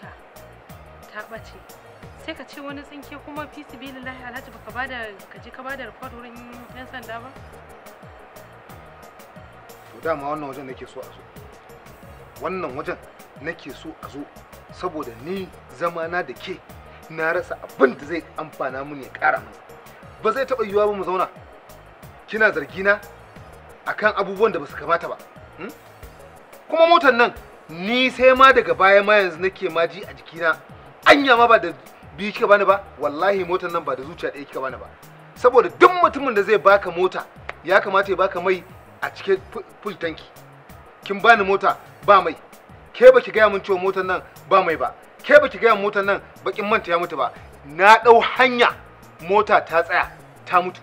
ta ta ɓace sai ka ce wani tsinke kuma fi lillahi alhaji baka bada ka je ka bada report wurin yan sanda ba to dama wannan wajen nake so a zo wannan wajen nake so a zo saboda ni zamana da ke na rasa abin da zai amfana mun ya kara mun ba zai taɓa yiwuwa ba mu zauna kina zargina akan abubuwan da ba su kamata ba hmm? kuma motar nan ni sai ma daga baya ma yanzu nake ma ji a jikina anya ma ba da biyu kika bani ba wallahi motar nan ba da zuciya ɗaya kika bani ba saboda duk mutumin da zai baka mota ya kamata ya baka mai a cikin full tanki kin bani mota ba mai ke baki gaya min cewa motar nan ba mai ba ke baki gaya motar nan bakin manta ya mutu ba na ɗau hanya mota ta tsaya ta mutu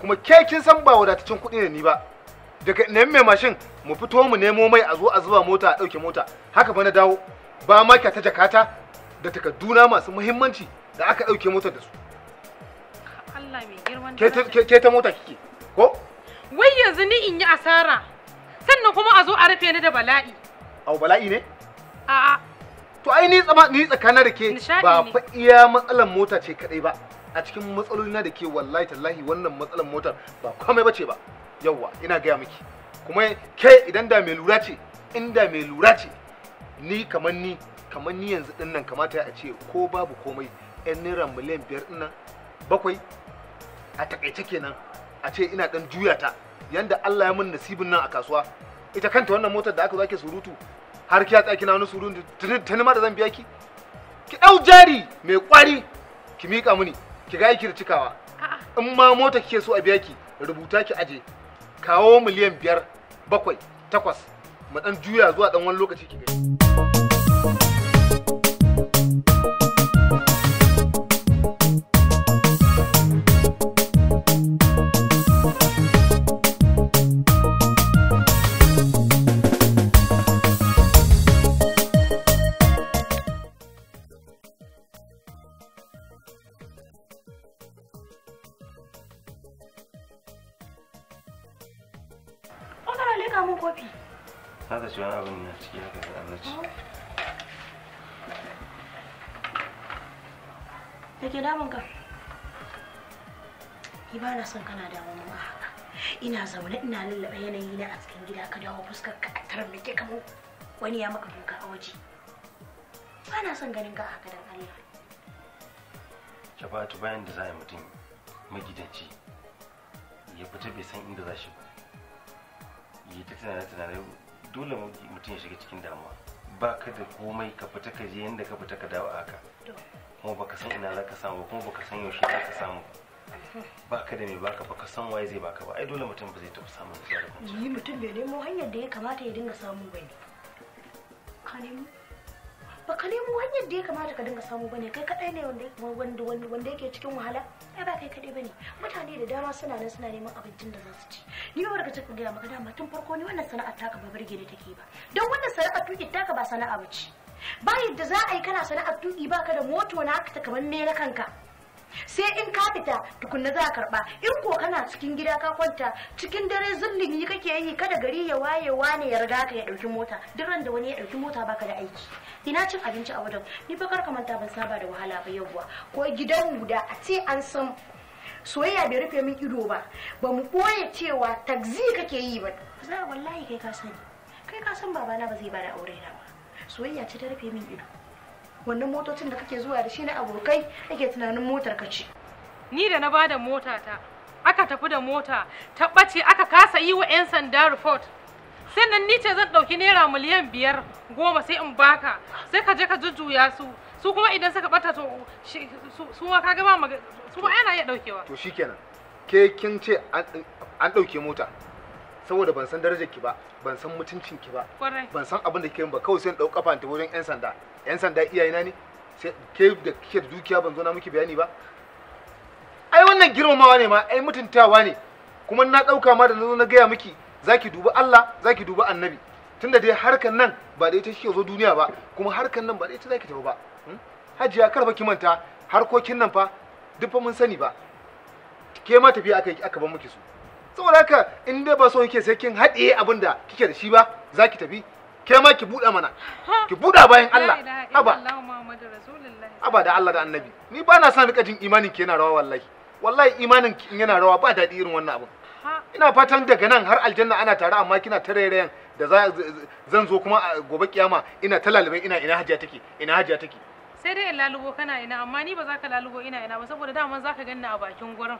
kuma ke kin san ba wadataccen kuɗi ne ni ba daga nan mai mashin mu fito mu nemo mai a zo a zuba mota a ɗauke mota haka fa na dawo ba ma ta jakata da takarduna masu muhimmanci da aka ɗauke motar da su Allah mai girman ke ta mota kike ko wai yanzu ni in yi asara sannan kuma a zo a rufe ni da bala'i a bala'i ne a'a to ai ni tsama ni tsakanin da ke ba fa iya matsalan mota ce kadai ba a cikin matsaloli na da ke wallahi tallahi wannan matsalan motar ba komai bace ba yawwa ina gaya miki kuma ke idan da mai lura ce inda mai lura ce ni kamar ni kamar ni yanzu din nan kamata a ce ko babu komai yan naira miliyan biyar din nan bakwai a takaice kenan a ce ina dan juya ta yanda Allah ya mun nasibin nan a kasuwa ita kanta wannan motar da aka zo ake surutu har kiya tsaki na wani surutu tuni ma da zan biya ki ki dau jari mai kwari ki mika muni ki ga yake da cikawa in ma mota kike so a biya ki rubuta ki aje kawo miliyan biyar bakwai takwas mu dan juya zuwa dan wani lokaci ki gani son kana damu mun haka ina zaune ina lallaba yanayi na a cikin gida ka dawo fuskar ka a tarmake kamo wani ya maka duka a waje ba son ganin ka haka dan Allah Shafatu bayan da za a mutum magidanci ya fita bai san inda za shi ba yi ta tunanin tunanin dole mutum ya shiga cikin damuwa ba ka da komai ka fita ka je yadda ka fita ka dawo haka kuma baka san ina za ka samu kuma baka san yaushe za ka samu ba ba ka da mai baka ba ka san waye zai baka ba ai dole mutum ba zai taɓa samun nutsuwa da kwanciyar yi mutum bai nemo hanyar da ya kamata ya dinga samu ba ne ka nemo ba ka nemo hanyar da ya kamata ka dinga samu ba ne kai kaɗai ne wanda wanda yake cikin wahala ai ba kai kaɗai ba ne mutane da dama suna nan suna neman abincin da za su ci ni ba barka cikin gaya maka dama tun farko ni wannan sana'ar taka ba burge ni take ba don wannan sana'ar tuki taka ba sana'a ba ce ba yadda za a yi kana sana'ar tuki baka da moto na ka kamar me na kanka sai in ka fita tukunna za ka karba in ko kana cikin gida ka kwanta cikin dare zullin yi kake yi kada gari ya waye ne ya riga ka ya dauki mota duk ran da wani ya dauki mota baka da aiki ina cin abinci a wajen ni fa kar ka manta ban saba da wahala ba yawwa ko gidan guda a ce an san soyayya bai rufe min ido ba ba mu boye cewa taxi kake yi ba za wallahi kai ka sani kai ka san babana ba zai bada aure na ba soyayya ce ta rufe min ido wannan motocin da kake zuwa da shi na abokai kake tunanin motar ka ce ni da na bada mota ta aka tafi da mota ta ɓace aka kasa yi wa 'yan sanda report sannan ni ce zan ɗauki naira miliyan biyar goma sai in baka sai ka je ka jujjuya su su kuma idan suka bata to su ma ka gama su ma yana iya ɗaukewa to shikenan ke kin ce an ɗauke mota saboda ban san darajar ki ba ban san mutuncin ki ba ban san abin da ke ba kawai sai in dauka fanta wajen 'yan sanda yan sanda iyayena ne ke da kike da dukiya ban zo na miki bayani ba ai wannan girmamawa ne ma ai mutuntawa ne kuma na ɗauka ma da na na gaya miki zaki duba Allah zaki duba annabi tunda dai harkan nan ba da ita shike zo duniya ba kuma harkan nan ba da ita zaki tafi ba hmm? hajiya kar ba ki manta harkokin nan fa duk fa mun sani ba ke ma tafiya aka aka ban miki su saboda haka in dai ba so kike sai kin haɗe abinda kike da shi ba zaki tafi ke ma ki buɗe mana ki buɗe bayan Allah haba haba da Allah da annabi ni ba na son rika jin imanin ke yana rawa wallahi wallahi imanin ki yana rawa ba daɗi irin wannan abun ina fatan daga nan har aljanna ana tare amma kina ta rairayan da zan zo kuma gobe kiyama ina ta lalibai ina ina hajiya take ina hajiya take sai dai in lalubo kana ina amma ni ba za ka lalubo ina ina ba saboda dama za ka ganni a bakin gurin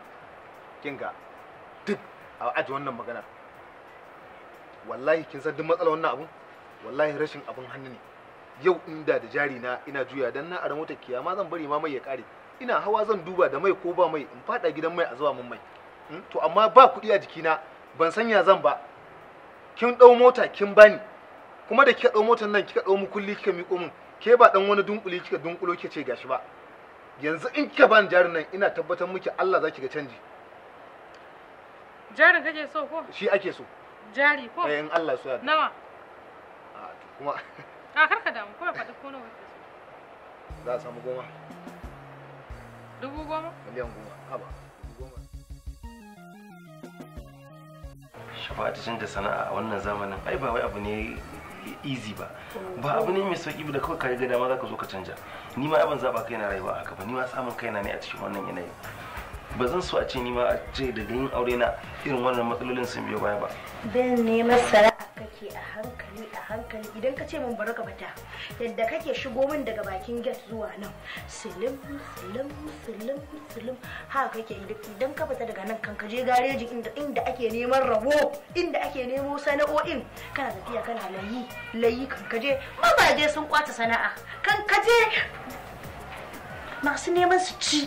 kinga duk a aji wannan maganar wallahi kin san duk matsalar wannan abun wallahi rashin abin hannu ne yau inda da jari na ina juya dan na ara motar kiyama zan bari ma mai ya kare ina hawa zan duba da mai ko ba mai in fada gidan mai a zuwa min mai hmm? to amma ba kuɗi a jikina ban sanya zan ba kin ɗau mota kin bani kuma da kika ɗau motar nan kika ɗau mu kulli kika miƙo min ke ba dan wani dunkule kika dunkulo kika ce gashi ba yanzu in kika ban jarin nan ina tabbatar miki Allah za ki ga canji jarin kake so ko shi ake so jari ko eh in Allah so nawa kuma a ah, karka damu kawai faɗi ko nawa kake so za a samu goma dubu goma miliyan goma haba shafa'atu canza sana'a a wannan zamanin ai ba wai abu ne easy ba ba abu ne mai sauƙi sauki da kawai ka ga dama zaka zo ka canja ni ma abin zaba kaina rayuwa haka ba ni ma samun kaina ne a cikin wannan yanayi ba zan so a ce ni ma a ce daga yin aure na irin wannan matsalolin sun biyo baya ba bin neman sana'a kake a hankali hankali idan ka ce min bari ka fita yadda kake shigo min daga bakin gate zuwa nan sulum sulum sulum sulum ha kake idan ka fita daga nan kanka je gareji inda inda ake neman rabo inda ake nemo sana'o'in kana tafiya kana layi layi kan je sun kwata sana'a kanka je masu neman su ci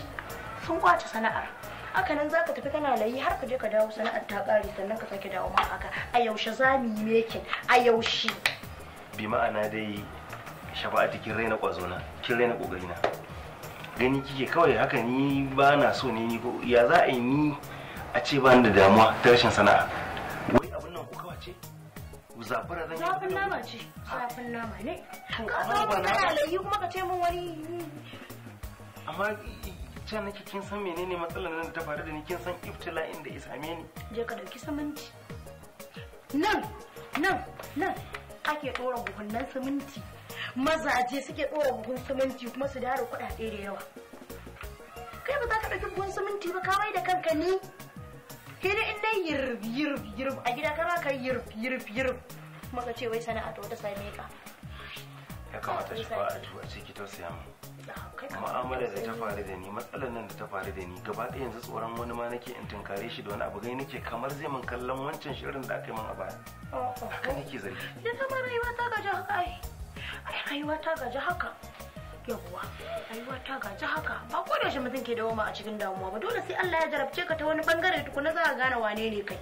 sun kwace sana'ar haka nan zaka tafi kana layi har ka je ka dawo sana'ar ta kare sannan ka sake dawo ma haka a yaushe za mu yi mekin a yaushe bi ma'ana dai shafa'atu kin raina kwazo na kin raina kokari na gani kike kawai haka ni ba na so ne ni ko ya za a yi ni a ce ba da damuwa ta rashin sana'a wai abin nan ko kawai ce zan zafin nama ce zafin nama ne ka zo kana layi kuma ka ce mun wani amma ce nake kin san menene matsalar nan ta faru da ni kin san iftila'in da ya same ni je ka dauki siminti nan nan nan ake dora buhunnan siminti mazaje suke dora buhun siminti kuma su dara kuɗaɗe da yawa kai ba za ka dauki buhun siminti ba kawai da kanka ne sai in dai yirf yirf yirf a gida kana kai yirf yirf yirf maka ce wai sana'a ta wata same ka ya kamata shi ba a ciki siya mu mu'amalar da ta faru da ni matsalar nan da ta faru da ni gaba ɗaya yanzu tsoron wani ma nake in tunkare shi da wani abu gai nake kamar zai min kallon wancan shirin da aka yi min a baya haka nake zargi ya zama rayuwa ta gaji haka ai ai rayuwa ta gaji haka yawwa rayuwa ta gaji haka ba ko da yaushe mutum ke dawoma a cikin damuwa ba dole sai Allah ya jarabce ka ta wani bangare tukuna za ka gane wane ne kai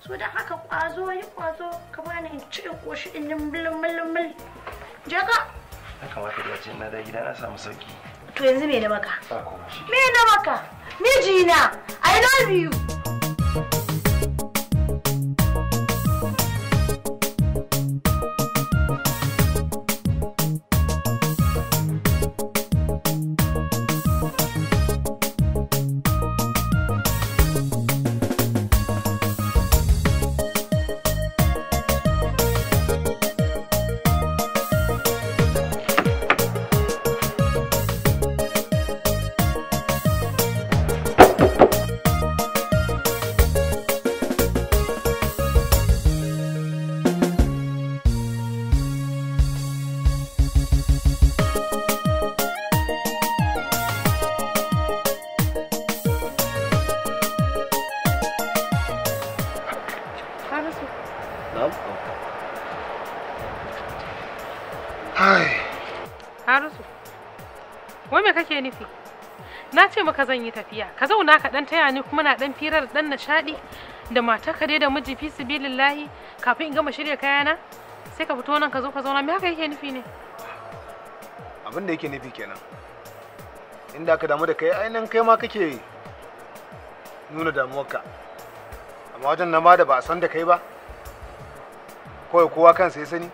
so da haka kwazo yi kwazo ka bani in ci ko shi in yi mulmulmul je ka ya kamata da ce na da gida na samu sauki to yanzu me na maka me na maka mijina i love you ce maka zan yi tafiya ka zauna ka dan taya ni kuma na dan firar dan nishadi da mata ka da miji fi sabilillahi kafin in gama shirya kayana sai ka fito nan ka zo ka zauna me haka yake nufi ne abin da yake nufi kenan inda ka damu da kai ainihin kai ma kake nuna damuwarka amma wajen na ma da ba a san da kai ba kawai kowa kansa ya sani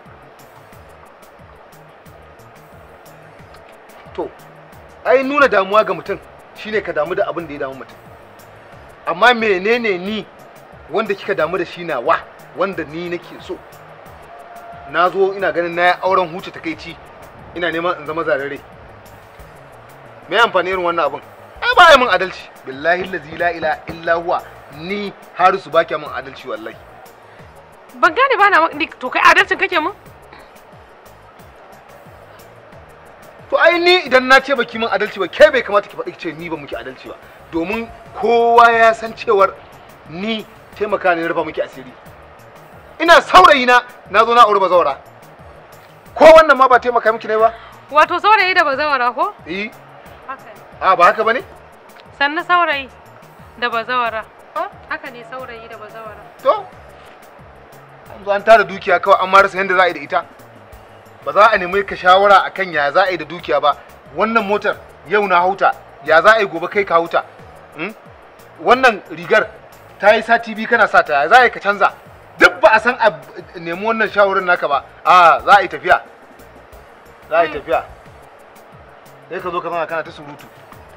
to ai nuna damuwa ga mutum shine ka damu da abin da ya damu mutum amma menene ni wanda kika damu da shi nawa wanda ni nake so na zo ina ganin na auren huce takaici ina neman in zama zarare me amfani irin wannan abin ai ba mun adalci billahi allazi la ila illa huwa ni harisu baki mun adalci wallahi ban gane ba na to kai adalcin kake mun to ai ni idan na ce baki min adalci ba ke bai kamata ki faɗi ce ni ba muke adalci ba domin kowa ya san cewar ni taimaka ne rufa muke asiri ina saurayi na na zo na aure bazawara ko wannan ma ba taimaka miki ne ba wato saurayi da bazawara ko eh haka a ah, ba haka bane sannan saurayi da bazawara haka ne saurayi da bazawara to an zo an tara dukiya kawai an marasa yadda za a yi da ita ba za a nemi ka shawara akan ya za a yi da dukiya ba wannan motar yau na hauta ya za a yi gobe kai ka hauta hmm? wannan rigar ta yi sati biyu kana sa ta ya za a yi ka canza duk ba a san a nemi wannan shawarar naka ba a za a yi tafiya za a yi tafiya sai ka zo ka zama kana ta surutu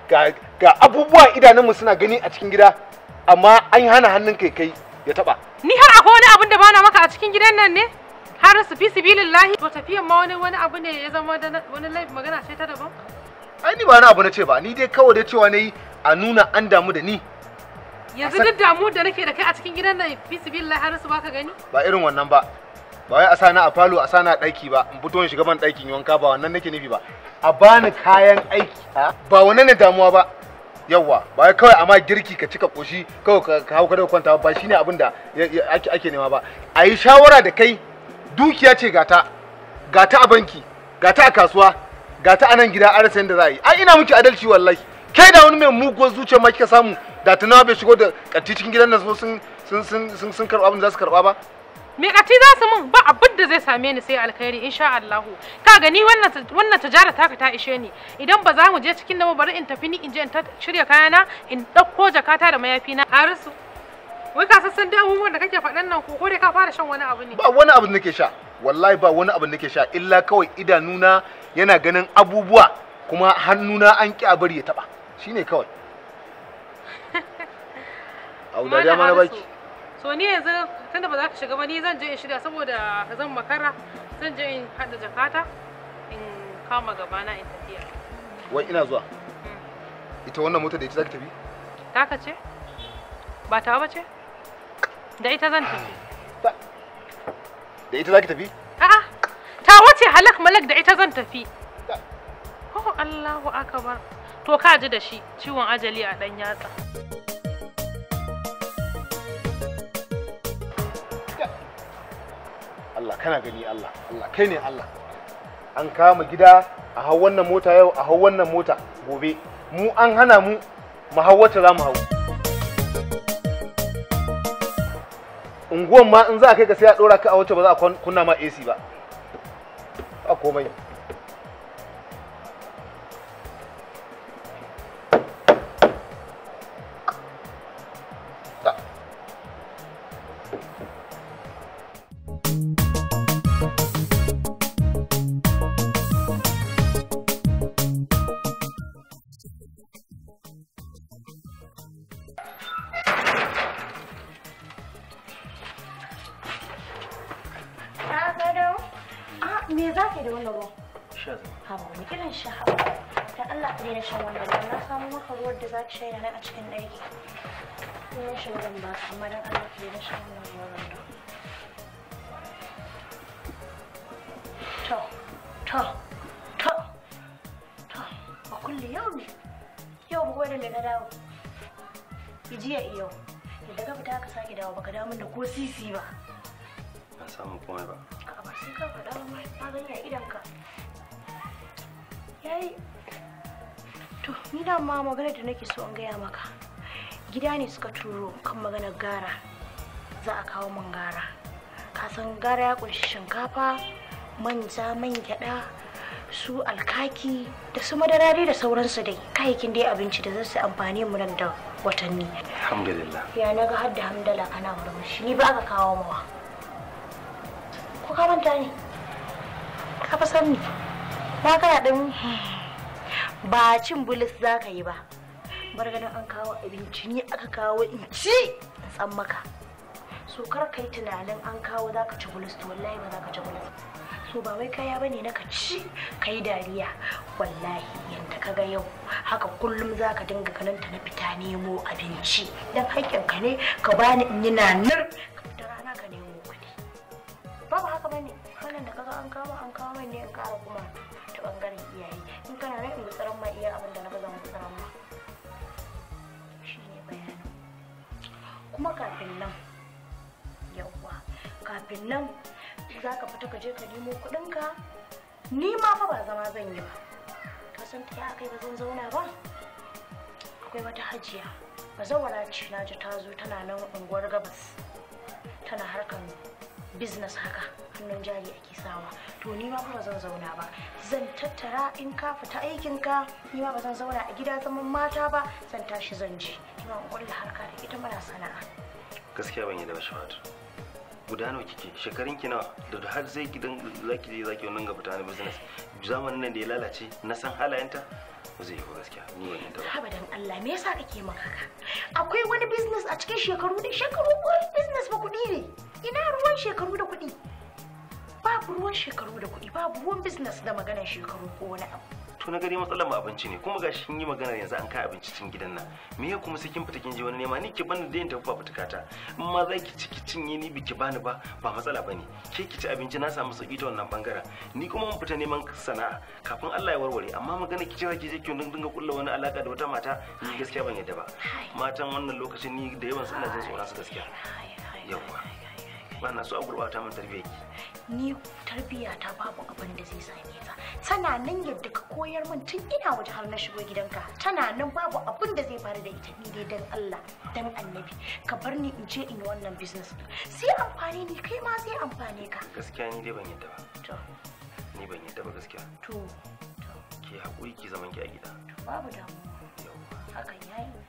ga abubuwa idanunmu suna gani a cikin gida amma an hana hannun kai kai ya taba ni har akwai wani abin da bana maka a cikin gidan nan ne har su fi sibilillahi to tafiyan ma wani wani abu ne ya zama wani laifin magana ce ta daban ai ni ba wani abu na ce ba ni dai kawai da cewa nayi a nuna an damu da ni yanzu duk damu da nake da kai a cikin gidan nan fi sibilillahi har su baka gani ba irin wannan ba ba wai a sana a falo a sana daki ba in fito in shiga ban dakin wanka ba wannan nake nufi ba a bani kayan aiki ba wannan ne damuwa ba yawwa ba wai kawai amma girki ka cika koshi kawai ka hau ka kwanta ba shine abinda da ake nema ba a yi shawara da kai dukiya ce gata gata a banki gata a kasuwa gata a nan gida an rasa yadda za a yi ai ina miki adalci wallahi kai da wani mai muguwar zuciya ma kika samu da tunawa bai shigo da kanti cikin gidan nan sun sun sun sun karɓa abin da za su ba me kati za su mun ba abin da zai same ni sai alkhairi insha Allah ka gani wannan wannan tijara taka ta ishe ni idan ba za mu je cikin nan bari in tafi ni in je in shirya kayana in ɗauko jakata da mayafi na arsu Wai ka san sanda abubuwan da kake faɗan nan ko dai ka fara shan wani abu ne? Ba wani abu nake sha. Wallahi ba wani abu da nake sha illa kawai idanuna yana ganin abubuwa kuma hannuna an ƙi a bari ya taɓa. Shine kawai. Auda da mana baki. So ni yanzu tunda ba za ka shiga ba ni zan je in shirya saboda zan makara zan je in haɗa jakata in kama gabana in tafiya. Wai ina zuwa. Mm. Ita wannan mota da ita za ka tafi? Taka ce? Ba ta ba ce? Da ita zan tafi. Da ita za ki tafi? A'a, ta wace halak malak da ita zan tafi. Oh Allahu akbar. To ka ji da shi ciwon ajali a ɗan yatsa. Allah kana gani Allah, Allah kai ne Allah. An kama gida a hau wannan mota yau a hau wannan mota gobe. Mu an hana mu mu hau wacce za mu hau. unguwan ma in za a kai ka sai a dora ka a wacce ba za a kunna ma AC ba a komai za ki shaida nan a cikin ɗaki in ya shiga zan ba amma don Allah ki na shi wannan wurin ta ta ta to to a kulli yau ne yau ba gwada mai na dawo jiya yau yadda ka fita ka sake dawo baka damun da ko sisi ba na samu komai ba ka ba sai ka faɗa ma na gani a idanka yayi to ni da ma maganar da nake so in gaya maka gida ne suka turo kan maganar gara za a kawo min gara kasan gara ya kunshi shinkafa manja man gyada su alkaki da su madara dai da sauransu dai kayayyakin dai abinci da zasu amfani mu nan da watanni alhamdulillah ya na ga har da hamdala kana murmushi ni ba ka kawo mawa ko ka manta ne ka fa san ba kana dan ba cin bulis za ka yi ba bar ganin an kawo abinci ne aka kawo in ci so kar kai tunanin an kawo za ka ci bulus to wallahi ba za ka ci bulus so ba wai kaya bane na ka ci kai dariya wallahi yanda ka ga yau haka kullum za ka dinga kananta na fita nemo abinci dan haƙƙin ka ne ka bani in yi nanar ka fita rana ka nemo kuɗi ba ba haka bane wannan da kaga an kawo an kawo ne in ƙara kuma ta bangaren iyaye same ka gutsaran iya da na ga zan gutsaran ma kuma kafin nan yawwa kafin nan za ka fita ka je ka nemo kuɗinka ni ma fa ba zama zan yi ba ka san ta akai ba zan zauna ba akwai wata hajiya ba zawara ce na ji ta zo tana nan unguwar gabas tana harkan business haka hannun jari ake sawa to ni ma ba zan zauna ba zan tattara in ka fita aikin ka ni ma ba zan zauna a gida zaman mata ba zan tashi zan je ni ma kullu harka da ita mara sana'a gaskiya ban yi da shawara guda nawa kike shekarun ki nawa da har zai gidan zaki je zaki wannan ga fita na business zamanin nan da ya lalace na san halayenta ba zai yi gaskiya ni ban yadda ba abadan Allah me yasa kake min haka akwai wani business a cikin shekaru ne? shekaru ko business ba kuɗi ne ina ruwan shekaru da kuɗi babu ruwan shekaru da kuɗi babu ruwan business da maganar shekaru ko wani abu to na gari matsalar mu abinci ne kuma gashi kin yi magana yanzu an kai abinci cikin gidan nan me ya kuma sai kin fita kin je wani nema ni ki bani da yin ba ba fitakata in ma za ki ci ki cinye ni biki bani ba ba matsala bane ke ki ci abinci na samu sauki ta wannan bangaren ni kuma mun fita neman sana'a kafin Allah ya warware amma magana ki cewa ki je ki dinga kulla wani alaka da wata mata ni gaskiya ban yadda ba matan wannan lokacin ni da yawan suna jin tsoron su gaskiya yawa bana na so a gurbata min tarbiyya ki ni tarbiyya ta babu abin da zai same ta tana nan yadda ka koyar min tun ina waje har na shigo gidanka tana nan babu abin da zai faru da ita ni dai dan Allah dan annabi ka bar ni in je in yi wannan business sai amfani ni kai ma sai amfane ka gaskiya ni dai ban yadda ba to ni ban yadda ba gaskiya to ki hakuri ki zaman ki a gida babu damuwa hakan yayi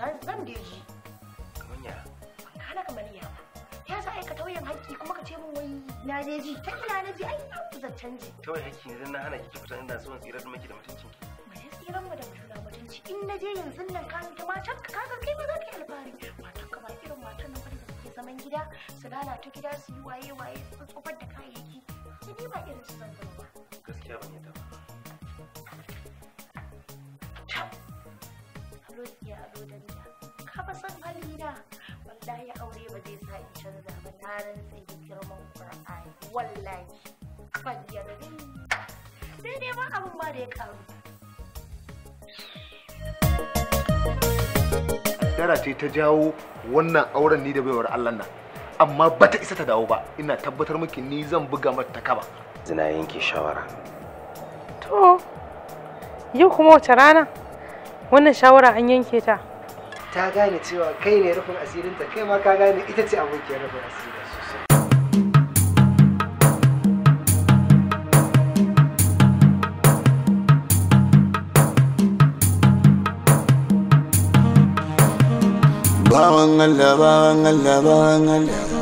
zan da ji kana ka ya yawa ya sa aika tauyen haƙƙi kuma ka ce min wai na je ji ta ina na ji ai an zancen canje tauyen haƙƙi yanzu na hana ki fita ina zuwan tsirar miki da mutuncin ki ba ya tsirar mu da juna mutunci in na je yanzu nan ka ta matan ka kaga kai ba za ka yi alfahari matan ka ba irin matan nan da suke zaman gida su lalata gida su yi waye waye su tsofar da kayayyaki ne ba irin su zan ba gaskiya ban ne ta ba ya a Rodaniya, ka fa san halina. na yi aure ba zai sa in canza ba na rantsa yi girman ƙur'ani wallahi fadiyar sai dai ba abin ba da ya karu Dara ce ta jawo wannan auren ni da baiwar Allah nan amma ta isa ta dawo ba ina tabbatar miki ni zan buga mata kaba zina yanke shawara to yau kuma wace rana wannan shawara an yanke ta ta gane cewa kai ne rufin asirinta kai ma ka gane ita ce abokiyar rufin asirinta sosai Bawan Allah, bawan Allah, bawan Allah.